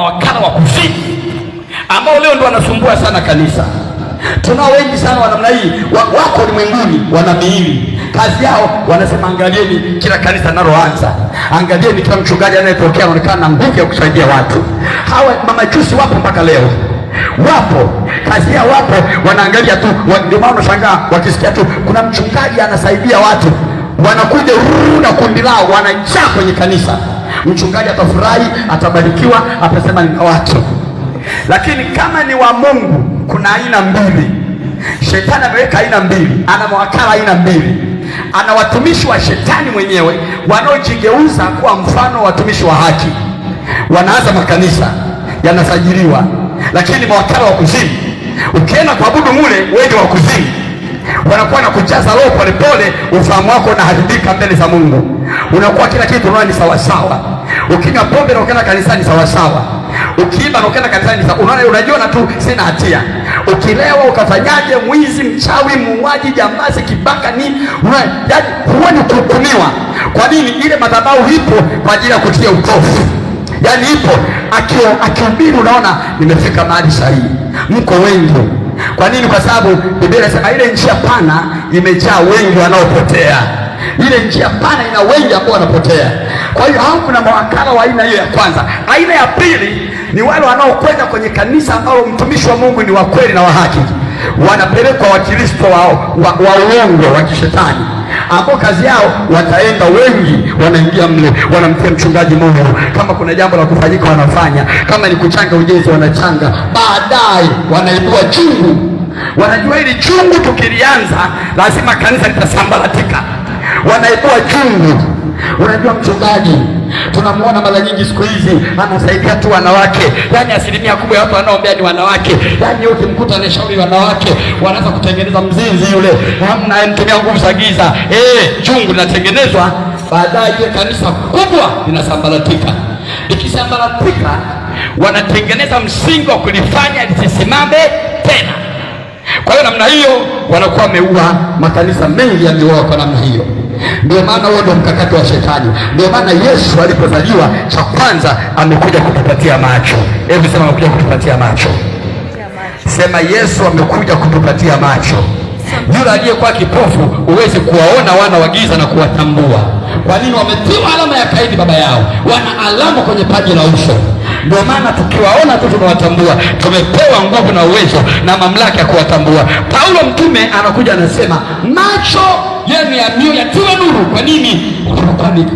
mawakala wa kuzimu ambao leo ndo wanasumbua sana kanisa. Tunao wengi sana wa namna hii wako ulimwenguni, wana miili kazi yao wanasema, angalieni kila kanisa linaloanza, angalieni kila mchungaji anayetokea anaonekana na nguvu ya kusaidia watu. Hawa mamajusi wapo mpaka leo, wapo kazi ya wapo wanaangalia tu. Ndio maana unashangaa wakisikia tu kuna mchungaji anasaidia watu, wanakuja na kundi lao wanajaa kwenye kanisa mchungaji atafurahi, atabarikiwa, atasema nina watu. Lakini kama ni wa Mungu, kuna aina mbili. Shetani ameweka aina mbili, ana mawakala aina mbili, ana watumishi wa shetani mwenyewe wanaojigeuza kuwa mfano watumishi wa haki, wanaanza makanisa yanasajiliwa, lakini mawakala wa kuzimu. Ukienda kuabudu mule, wewe wa kuzimu anakuwa na kujaza roho polepole, ufahamu wako unaharibika mbele za Mungu, unakuwa kila kitu unaona ni sawasawa. Ukinywa pombe na ukaenda kanisani sawasawa, ukiiba na ukaenda kanisani unaona, unajiona tu sina hatia. Ukilewa ukafanyaje, mwizi, mchawi, muuaji, jambazi, kibaka, ni yaani huoni kuhukumiwa. Kwa nini? Ile madhabahu ipo kwa ajili ya kutia utofu, yaani ipo akihubiri, unaona nimefika mahali sahihi, mko wengi kwa nini? Kwa sababu Biblia inasema ile njia pana imejaa wengi wanaopotea. Ile njia pana ina wengi ambao wanapotea. Kwa hiyo hao, kuna mawakala wa aina hiyo ya kwanza. Aina ya pili ni wale wanaokwenda kwenye kanisa ambalo mtumishi wa Mungu ni wa kweli na wa haki, wanapelekwa wakristo wa uongo wa, wa, wa kishetani ambao kazi yao wataenda wengi, wanaingia mle, wanamtia mchungaji moyo. Kama kuna jambo la kufanyika wanafanya, kama ni kuchanga ujenzi wanachanga, baadaye wanaibua chungu. Wanajua hili chungu tukilianza lazima kanisa litasambaratika, wanaibua chungu Unajua mchungaji tunamwona mara nyingi siku hizi anasaidia tu wanawake, yaani asilimia kubwa ya watu wanaombea ni wanawake. Yaani ukimkuta anashauri wanawake, wanaanza kutengeneza mzinzi yule, mnamtumia nguvu za giza, eh, chungu linatengenezwa, baadaye kanisa kubwa linasambaratika. Ikisambaratika wanatengeneza msingi wa kulifanya lisisimame tena. Kwa hiyo namna hiyo wanakuwa wameua makanisa mengi, yameua kwa namna hiyo. Ndio maana huo ndio mkakati wa shetani. Ndio maana Yesu alipozaliwa, cha kwanza amekuja kutupatia macho. Hebu sema amekuja kutupatia macho. Sema Yesu amekuja kutupatia macho. Yule aliyekuwa kipofu huwezi kuwaona wana wa giza na kuwatambua. Kwa nini? Wametiwa alama ya kaidi baba yao, wana alama kwenye paji la uso. Ndio maana tukiwaona tu tunawatambua. Tumepewa nguvu na uwezo na mamlaka ya kuwatambua. Paulo mtume anakuja anasema, macho yenu yamio yatiwe nuru. Kwa nini?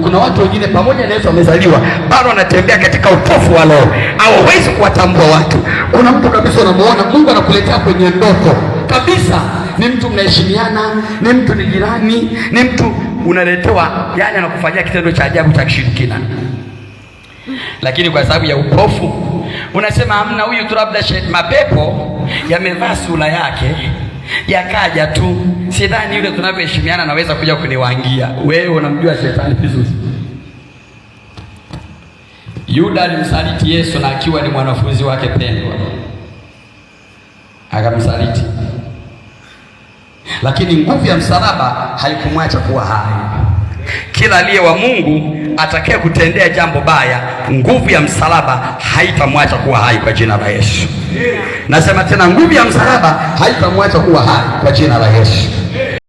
Kuna watu wengine pamoja na Yesu wamezaliwa, bado wanatembea katika upofu wa roho, hawawezi kuwatambua watu. Kuna mtu kabisa unamuona, Mungu anakuletea kwenye ndoto kabisa, ni mtu mnaheshimiana, ni mtu ni jirani, ni mtu unaletewa, yani anakufanyia kitendo cha ajabu cha kishirikina lakini kwa sababu ya upofu unasema hamna, huyu tu labda mapepo yamevaa sura yake yakaja tu, sidhani yule tunavyoheshimiana naweza kuja kuniwangia wewe. Unamjua shetani vizuri. Yuda alimsaliti Yesu na akiwa ni mwanafunzi wake pendwa, akamsaliti, lakini nguvu ya msalaba haikumwacha kuwa hai. Kila aliye wa Mungu atakaye kutendea jambo baya, nguvu ya msalaba haitamwacha kuwa hai kwa jina la Yesu. Nasema tena, nguvu ya msalaba haitamwacha kuwa hai kwa jina la Yesu.